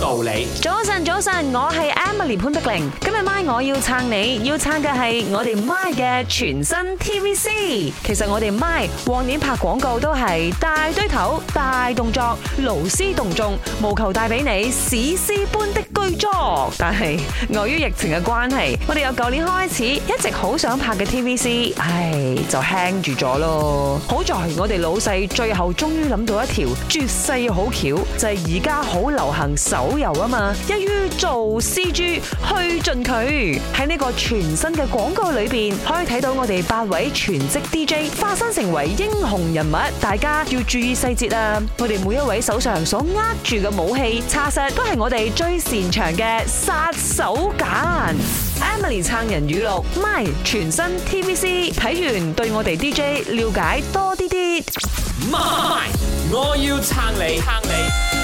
道理，你早晨早晨，我係 Emily 潘德玲。今日 m 我要撐你，要撐嘅係我哋 m 嘅全新 TVC。其實我哋 m ai, 往年拍廣告都係大堆頭、大動作、勞師動眾，務求帶俾你史詩般的巨作。但係礙於疫情嘅關係，我哋由舊年開始一直好想拍嘅 TVC，唉，就輕住咗咯。好在我哋老細最後終於諗到一條絕世好橋，就係而家好流行導遊啊嘛，一於做 C G 去盡佢喺呢個全新嘅廣告裏邊，可以睇到我哋八位全職 D J 化身成為英雄人物，大家要注意細節啊！我哋每一位手上所握住嘅武器、叉石都係我哋最擅長嘅殺手鐧。Emily 撐人語錄，My 全新 T V C 睇完對我哋 D J 了解多啲啲。My，我要撐你。撐你